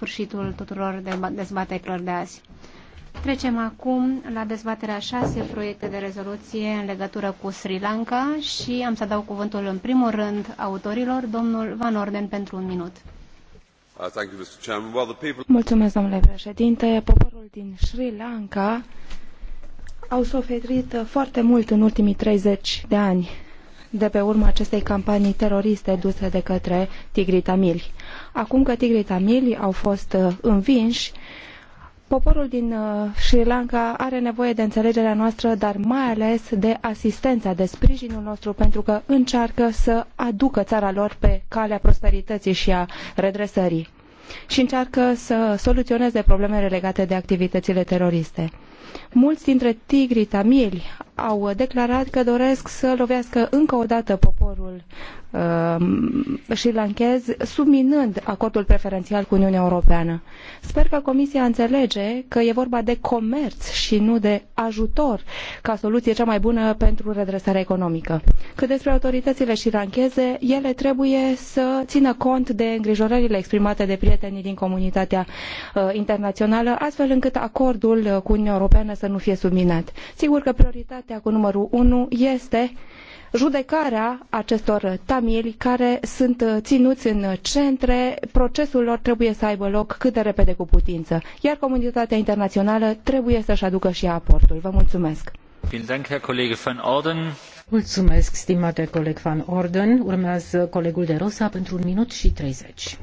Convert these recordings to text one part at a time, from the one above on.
sfârșitul tuturor dezbaterilor de azi. Trecem acum la dezbaterea șase proiecte de rezoluție în legătură cu Sri Lanka și am să dau cuvântul în primul rând autorilor, domnul Van Orden, pentru un minut. Uh, Mulțumesc, domnule președinte. Poporul din Sri Lanka au suferit foarte mult în ultimii 30 de ani de pe urma acestei campanii teroriste duse de către tigrii tamili Acum că tigrii tamili au fost uh, învinși, Poporul din uh, Sri Lanka are nevoie de înțelegerea noastră, dar mai ales de asistența, de sprijinul nostru, pentru că încearcă să aducă țara lor pe calea prosperității și a redresării și încearcă să soluționeze problemele legate de activitățile teroriste. Mulți dintre tigrii tamili au declarat că doresc să lovească încă o dată poporul uh, um, șrilanchez, subminând acordul preferențial cu Uniunea Europeană. Sper că Comisia înțelege că e vorba de comerț și nu de ajutor ca soluție cea mai bună pentru redresarea economică. Cât despre autoritățile șrilancheze, ele trebuie să țină cont de îngrijorările exprimate de prietenii din comunitatea uh, internațională, astfel încât acordul uh, cu Uniunea Europeană Europeană să nu fie subminat. Sigur că prioritatea cu numărul unu este judecarea acestor tamili care sunt uh, ținuți în centre, procesul lor trebuie să aibă loc cât de repede cu putință, iar comunitatea internațională trebuie să-și aducă și aportul. Vă mulțumesc! Mulțumesc, stimate coleg Van Orden. Urmează colegul de Rosa pentru un minut și 30.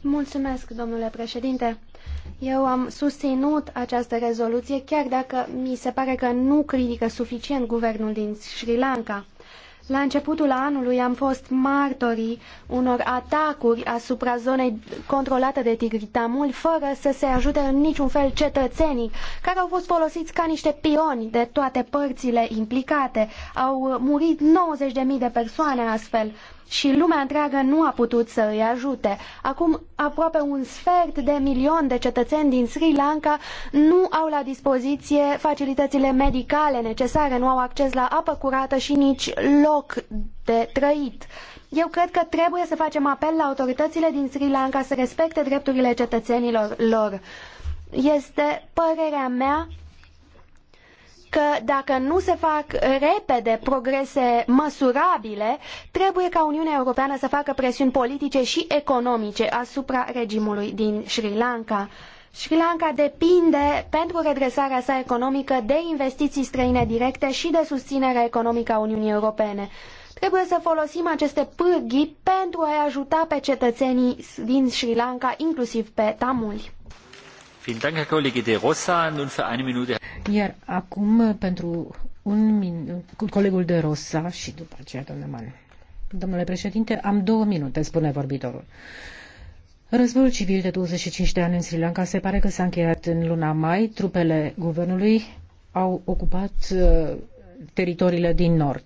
Mulțumesc, domnule președinte. Eu am susținut această rezoluție, chiar dacă mi se pare că nu critică suficient guvernul din Sri Lanka. La începutul anului am fost martorii unor atacuri asupra zonei controlate de tigritamul, fără să se ajute în niciun fel cetățenii, care au fost folosiți ca niște pioni de toate părțile implicate. Au murit 90.000 de persoane astfel și lumea întreagă nu a putut să îi ajute. Acum, aproape un sfert de milion de cetățeni din Sri Lanka nu au la dispoziție facilitățile medicale necesare, nu au acces la apă curată și nici loc loc de trăit. Eu cred că trebuie să facem apel la autoritățile din Sri Lanka să respecte drepturile cetățenilor lor. Este părerea mea că dacă nu se fac repede progrese măsurabile, trebuie ca Uniunea Europeană să facă presiuni politice și economice asupra regimului din Sri Lanka. Sri Lanka depinde pentru redresarea sa economică de investiții străine directe și de susținerea economică a Uniunii Europene. Trebuie să folosim aceste pârghii pentru a-i ajuta pe cetățenii din Sri Lanka, inclusiv pe tamuli. Iar acum pentru un minut, cu colegul de Rosa și după aceea doamna Manu. Domnule președinte, am două minute, spune vorbitorul. Războiul civil de 25 de ani în Sri Lanka se pare că s-a încheiat în luna mai. Trupele guvernului au ocupat uh, teritoriile din nord.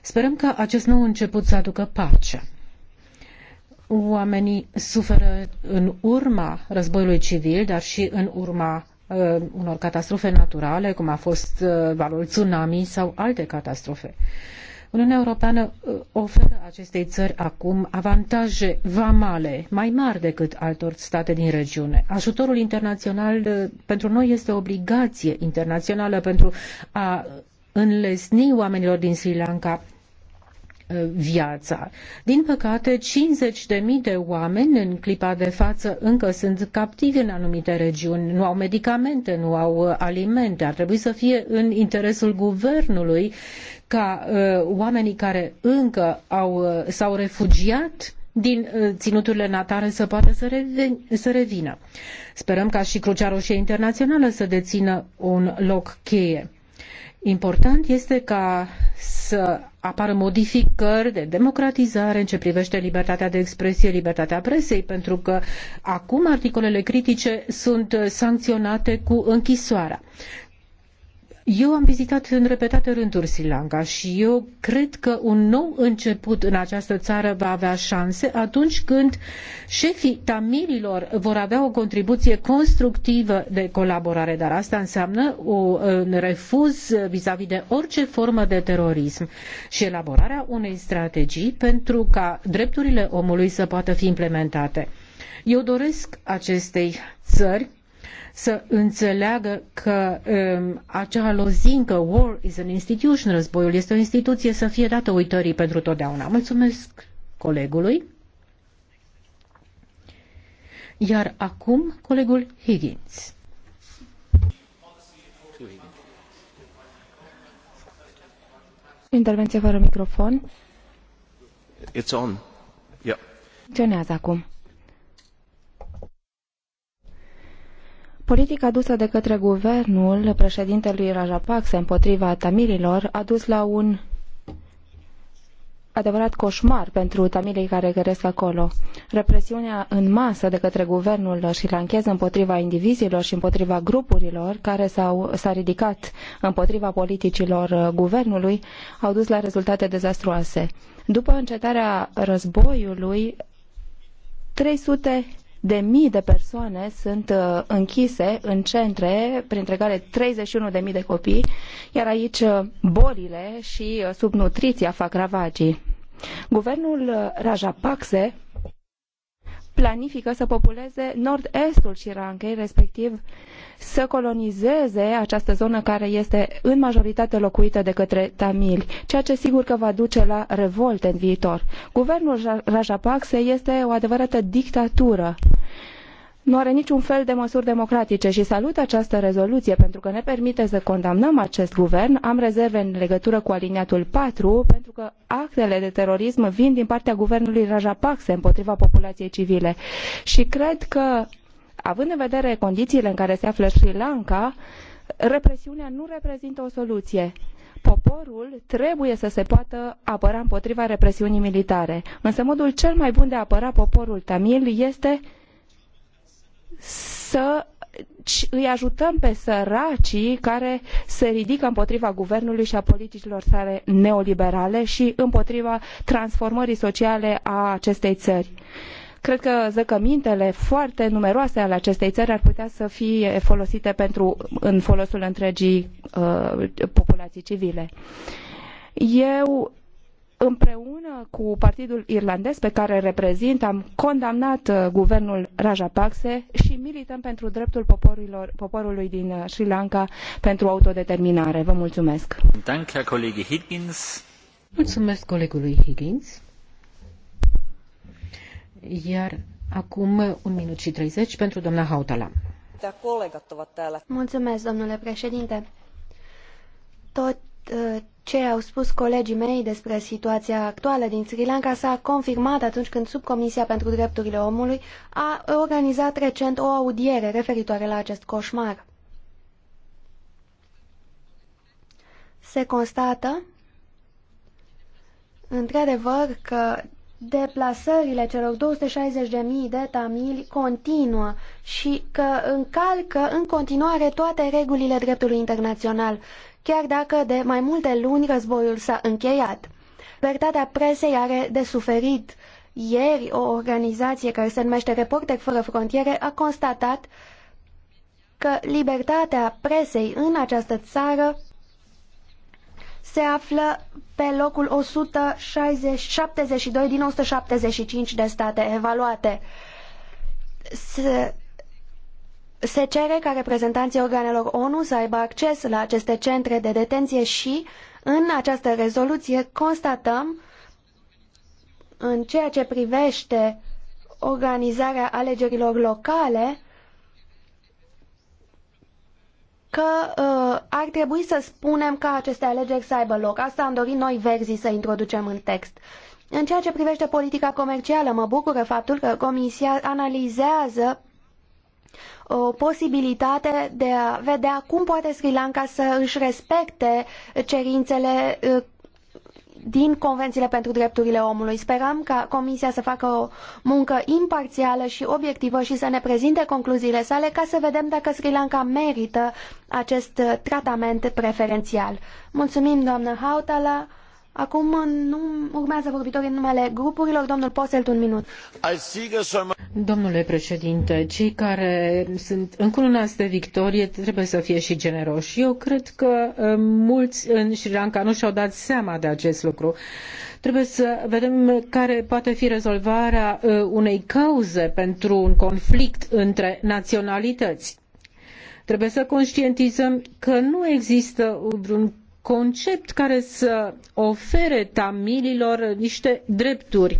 Sperăm că acest nou început să aducă pace. Oamenii suferă în urma războiului civil, dar și în urma uh, unor catastrofe naturale, cum a fost uh, valul tsunami sau alte catastrofe. Uh, Uniunea Europeană uh, oferă acestei țări acum avantaje vamale mai mari decât altor state din regiune. Ajutorul internațional uh, pentru noi este o obligație internațională pentru a înlesni oamenilor din Sri Lanka uh, viața. Din păcate, 50.000 de oameni în clipa de față încă sunt captivi în anumite regiuni, nu au medicamente, nu au alimente. Ar trebui să fie în interesul guvernului ca uh, oamenii care încă au, uh, s-au refugiat din uh, ținuturile natale să poată să, să revină. Sperăm ca și Crucea Roșie Internațională să dețină un loc cheie. Important este ca să apară modificări de democratizare în ce privește libertatea de expresie, libertatea presei, pentru că acum articolele critice sunt sancționate cu închisoarea. Eu am vizitat în repetate rânduri Sri Lanka și eu cred că un nou început în această țară va avea șanse atunci când șefii tamililor vor avea o contribuție constructivă de colaborare, dar asta înseamnă un refuz vis-a-vis -vis de orice formă de terorism și elaborarea unei strategii pentru ca drepturile omului să poată fi implementate. Eu doresc acestei țări să înțeleagă că um, acea lozincă war is an institution, războiul este o instituție, să fie dată uitării pentru totdeauna. Mulțumesc colegului. Iar acum colegul Higgins. Intervenție fără microfon. It's on. Yeah. Funcționează acum. Politica dusă de către guvernul președintelui Rajapakse împotriva tamililor a dus la un adevărat coșmar pentru tamilii care găresc acolo. Represiunea în masă de către guvernul și srilanchez împotriva indivizilor și împotriva grupurilor care s-au, s-a ridicat împotriva politicilor guvernului au dus la rezultate dezastruoase. După încetarea războiului, 300 de mii de persoane sunt uh, închise în centre, printre care 31 de mii de copii, iar aici uh, bolile și uh, subnutriția fac ravagii. Guvernul Rajapakse planifică să populeze nord-estul Sri respectiv să colonizeze această zonă care este în majoritate locuită de către tamili, ceea ce sigur că va duce la revolte în viitor. Guvernul Rajapakse este o adevărată dictatură nu are niciun fel de măsuri democratice și salut această rezoluție pentru că ne permite să condamnăm acest guvern. Am rezerve în legătură cu aliniatul 4 pentru că actele de terorism vin din partea guvernului Rajapakse împotriva populației civile și cred că având în vedere condițiile în care se află Sri Lanka, represiunea nu reprezintă o soluție. Poporul trebuie să se poată apăra împotriva represiunii militare. Însă modul cel mai bun de a apăra poporul tamil este să îi ajutăm pe săracii care se ridică împotriva guvernului și a politicilor sale neoliberale și împotriva transformării sociale a acestei țări. Cred că zăcămintele foarte numeroase ale acestei țări ar putea să fie folosite pentru, în folosul întregii uh, populații civile. Eu împreună cu partidul irlandez pe care îl reprezint, am condamnat uh, guvernul Rajapakse și milităm pentru dreptul poporilor, poporului din uh, Sri Lanka pentru autodeterminare. Vă mulțumesc! Mulțumesc colegului Higgins. Iar acum un minut și 30 pentru doamna Hautala. Mulțumesc, domnule președinte. Tot ce au spus colegii mei despre situația actuală din Sri Lanka s-a confirmat atunci când Subcomisia pentru Drepturile Omului a organizat recent o audiere referitoare la acest coșmar. Se constată, într-adevăr, că deplasările celor 260.000 de tamili continuă și că încalcă în continuare toate regulile dreptului internațional chiar dacă de mai multe luni războiul s-a încheiat. Libertatea presei are de suferit. Ieri, o organizație care se numește Reporteri Fără Frontiere a constatat că libertatea presei în această țară se află pe locul 172 din 175 de state evaluate. Se se cere ca reprezentanții organelor ONU să aibă acces la aceste centre de detenție și în această rezoluție constatăm în ceea ce privește organizarea alegerilor locale că uh, ar trebui să spunem ca aceste alegeri să aibă loc. Asta am dorit noi verzii să introducem în text. În ceea ce privește politica comercială, mă bucură faptul că Comisia analizează o posibilitate de a vedea cum poate Sri Lanka să își respecte cerințele din convențiile pentru drepturile omului. Sperăm ca Comisia să facă o muncă imparțială și obiectivă și să ne prezinte concluziile sale ca să vedem dacă Sri Lanka merită acest tratament preferențial. Mulțumim, doamnă Hautala. Acum nu urmează vorbitorii în numele grupurilor. Domnul Poselt, un minut. Domnule președinte, cei care sunt încununați de victorie trebuie să fie și generoși. Eu cred că uh, mulți în Sri Lanka nu și-au dat seama de acest lucru. Trebuie să vedem care poate fi rezolvarea uh, unei cauze pentru un conflict între naționalități. Trebuie să conștientizăm că nu există un concept care să ofere tamililor niște drepturi.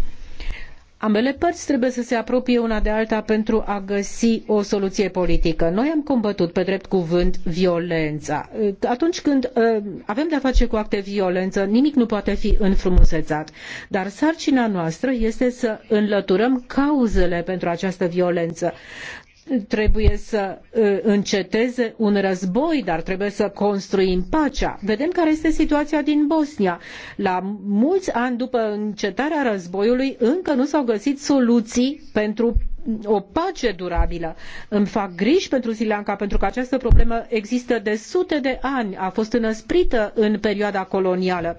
Ambele părți trebuie să se apropie una de alta pentru a găsi o soluție politică. Noi am combătut pe drept cuvânt violența. Atunci când ă, avem de-a face cu acte de violență, nimic nu poate fi înfrumusețat. Dar sarcina noastră este să înlăturăm cauzele pentru această violență trebuie să uh, înceteze un război, dar trebuie să construim pacea. Vedem care este situația din Bosnia. La mulți ani după încetarea războiului, încă nu s-au găsit soluții pentru o pace durabilă. Îmi fac griji pentru Sri Lanka pentru că această problemă există de sute de ani, a fost înăsprită în perioada colonială.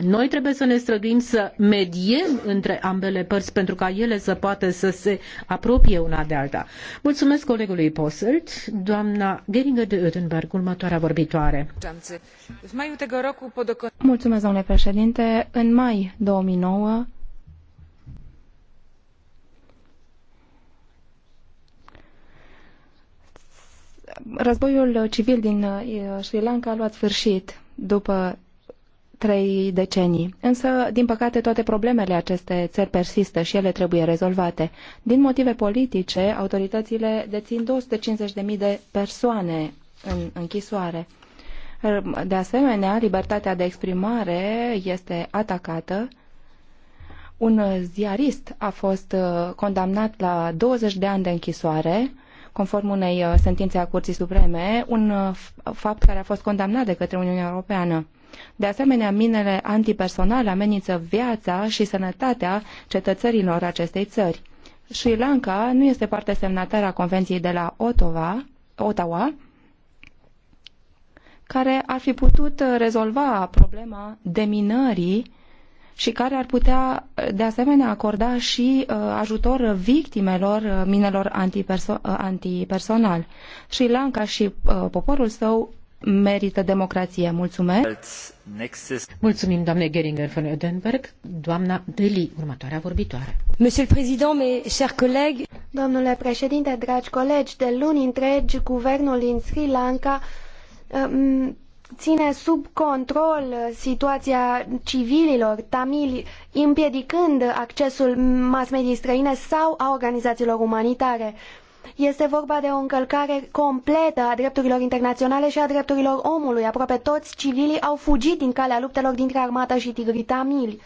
Noi trebuie să ne străduim să mediem între ambele părți pentru ca ele să poată să se apropie una de alta. Mulțumesc colegului Posselt, doamna Geringer de Oedenberg, următoarea vorbitoare. Mulțumesc, domnule președinte. În mai 2009, războiul civil din uh, Sri Lanka a luat sfârșit după trei decenii. Însă, din păcate, toate problemele acestei țări persistă și ele trebuie rezolvate. Din motive politice, autoritățile dețin 250.000 de persoane în închisoare. De asemenea, libertatea de exprimare este atacată. Un ziarist a fost uh, condamnat la 20 de ani de închisoare, conform unei uh, sentințe a Curții Supreme, un uh, fapt care a fost condamnat de către Uniunea Europeană. De asemenea, minele antipersonale amenință viața și sănătatea cetățenilor acestei țări. Sri Lanka nu este parte semnatară a Convenției de la Ottawa, Ottawa care ar fi putut rezolva problema deminării și care ar putea de asemenea acorda și uh, ajutor victimelor uh, minelor antiperso- uh, antipersonal. Sri Lanka și poporul său merită democrația. Mulțumesc! Mulțumim, doamne Geringer von Oedenberg. Doamna Deli, următoarea vorbitoare. Monsieur le Président, mes chers collègues... Domnule președinte, dragi colegi, de luni întregi, guvernul din Sri Lanka um, ține sub control uh, situația civililor tamili, împiedicând accesul mass mediei străine sau a organizațiilor umanitare. Este vorba de o încălcare completă a drepturilor internaționale și a drepturilor omului. Aproape toți civilii au fugit din calea luptelor dintre armată și tigrii tamili.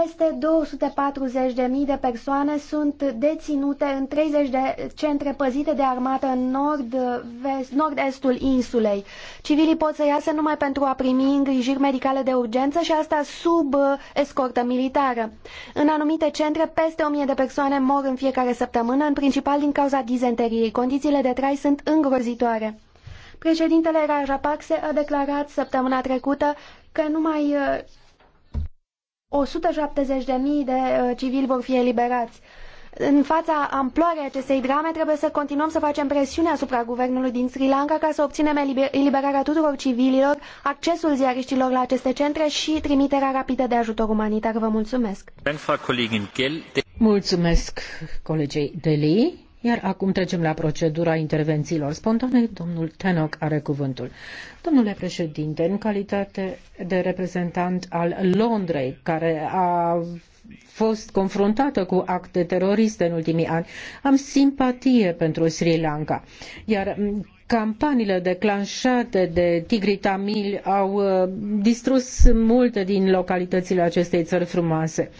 Peste 240.000 de persoane sunt deținute în 30 de centre păzite de armată în nord-estul nord, insulei. Civilii pot să iasă numai pentru a primi îngrijiri medicale de urgență și asta sub uh, escortă militară. În anumite centre, peste 1.000 de persoane mor în fiecare săptămână, în principal din cauza dizenteriei. Condițiile de trai sunt îngrozitoare. Președintele Rajapakse a declarat săptămâna trecută că numai uh, 170.000 de uh, civili vor fi eliberați. În fața amploarei acestei drame trebuie să continuăm să facem presiune asupra guvernului din Sri Lanka ca să obținem eliberarea tuturor civililor, accesul ziariștilor la aceste centre și trimiterea rapidă de ajutor umanitar. Vă mulțumesc! Mulțumesc colegei Deli. Iar acum trecem la procedura intervențiilor spontane. Domnul Tenoc are cuvântul. Domnule președinte, în calitate de reprezentant al Londrei, care a fost confruntată cu acte teroriste în ultimii ani, am simpatie pentru Sri Lanka. Iar campaniile declanșate de tigri tamili au uh, distrus multe din localitățile acestei țări frumoase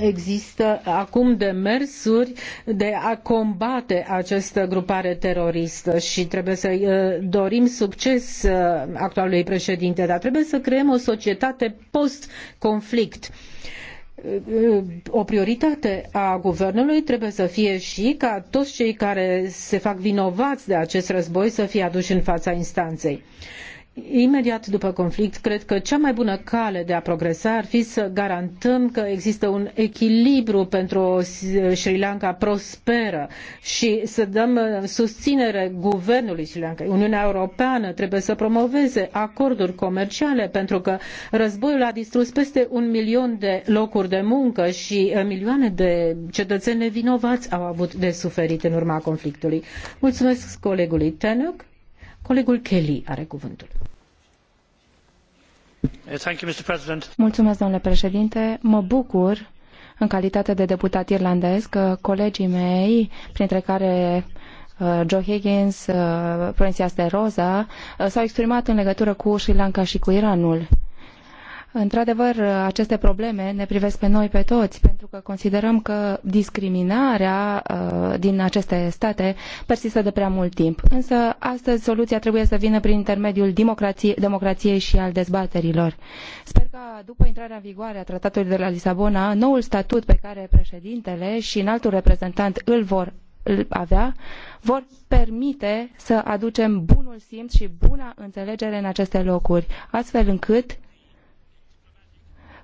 există acum demersuri de a combate această grupare teroristă și trebuie să uh, dorim succes uh, actualului președinte, dar trebuie să creăm o societate post-conflict uh, o prioritate a guvernului trebuie să fie și ca toți cei care se fac vinovați de acest război să fie aduși în fața instanței imediat după conflict, cred că cea mai bună cale de a progresa ar fi să garantăm că există un echilibru pentru o Sri Lanka prosperă și să dăm uh, susținere guvernului Sri Lanka. Uniunea Europeană trebuie să promoveze acorduri comerciale pentru că războiul a distrus peste un milion de locuri de muncă și uh, milioane de cetățeni nevinovați au avut de suferit în urma conflictului. Mulțumesc colegului Tenoc. Colegul Kelly are cuvântul. Uh, Mulțumesc, domnule președinte. Mă bucur, în calitate de deputat irlandez, că colegii mei, printre care uh, Joe Higgins, uh, Provincia de Rosa, s-au exprimat în legătură cu Sri Lanka și cu Iranul. Într-adevăr, aceste probleme ne privesc pe noi, pe toți, pentru că considerăm că discriminarea uh, din aceste state persistă de prea mult timp. Însă, astăzi, soluția trebuie să vină prin intermediul democrației, democrației și al dezbaterilor. Sper că, după intrarea în vigoare a tratatului de la Lisabona, noul statut pe care președintele și înaltul reprezentant îl vor avea, vor permite să aducem bunul simț și buna înțelegere în aceste locuri, astfel încât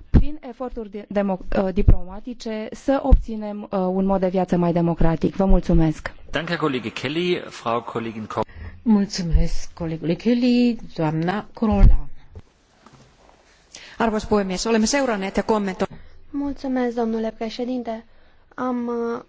prin eforturi uh, diplomatice să obținem uh, un mod de viață mai democratic. Vă mulțumesc! Danke, colegi Kelly, Frau Kollegin Mulțumesc, colegului Kelly, doamna Corola. Arvoisa puhemies, olemme seuranneet ja kommentoineet. Mulțumesc, domnule președinte. Am uh,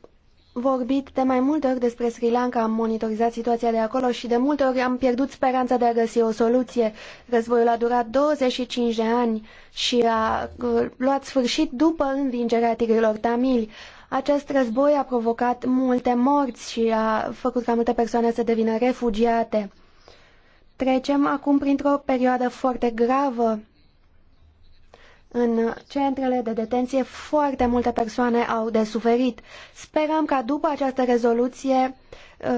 vorbit de mai multe ori despre Sri Lanka, am monitorizat situația de acolo și de multe ori am pierdut speranța de a găsi o soluție. Războiul a durat 25 de ani și a uh, luat sfârșit după învingerea tigrilor tamili. Acest război a provocat multe morți și a făcut ca multe persoane să devină refugiate. Trecem acum printr-o perioadă foarte gravă în centrele de detenție foarte multe persoane au de suferit. Sperăm ca după această rezoluție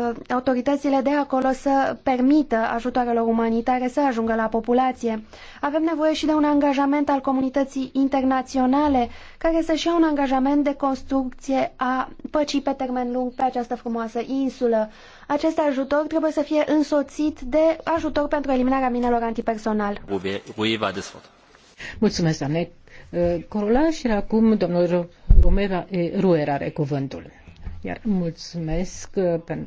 uh, autoritățile de acolo să permită ajutoarelor umanitare să ajungă la populație. Avem nevoie și de un angajament al comunității internaționale care să-și ia un angajament de construcție a păcii pe termen lung pe această frumoasă insulă. Acest ajutor trebuie să fie însoțit de ajutor pentru eliminarea minelor antipersonal. ui, desfătă. Mulțumesc, doamne eh, Corola, și acum domnul Romeva Ruer are cuvântul. Iar mulțumesc. Eh,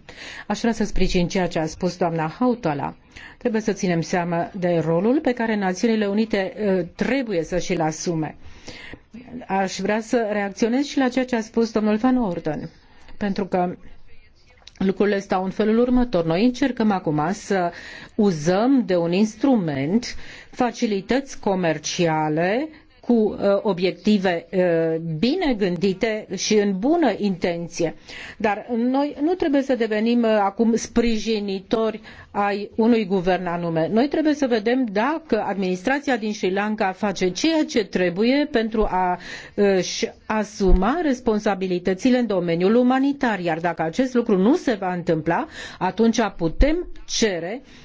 Aș vrea să sprijin ceea ce a spus doamna Hautala. Trebuie să ținem seama de rolul pe care Națiunile Unite eh, trebuie să și-l asume. Aș vrea să reacționez și la ceea ce a spus domnul Van Orden, pentru că Lucrurile stau în felul următor. Noi încercăm acum să uzăm de un instrument facilități comerciale cu uh, obiective uh, bine gândite și în bună intenție. Dar noi nu trebuie să devenim uh, acum sprijinitori ai unui guvern anume. Noi trebuie să vedem dacă administrația din Sri Lanka face ceea ce trebuie pentru a își asuma responsabilitățile în domeniul umanitar. Iar dacă acest lucru nu se va întâmpla, atunci putem cere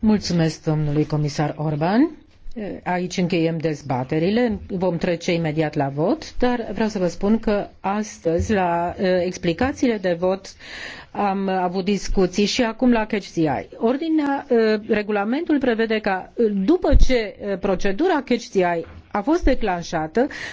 Mulțumesc domnului comisar Orban. Aici încheiem dezbaterile, vom trece imediat la vot, dar vreau să vă spun că astăzi la eh, explicațiile de vot am avut discuții și acum la CatchDI. Ordinea, eh, regulamentul prevede ca eh, după ce procedura CatchDI a fost declanșată,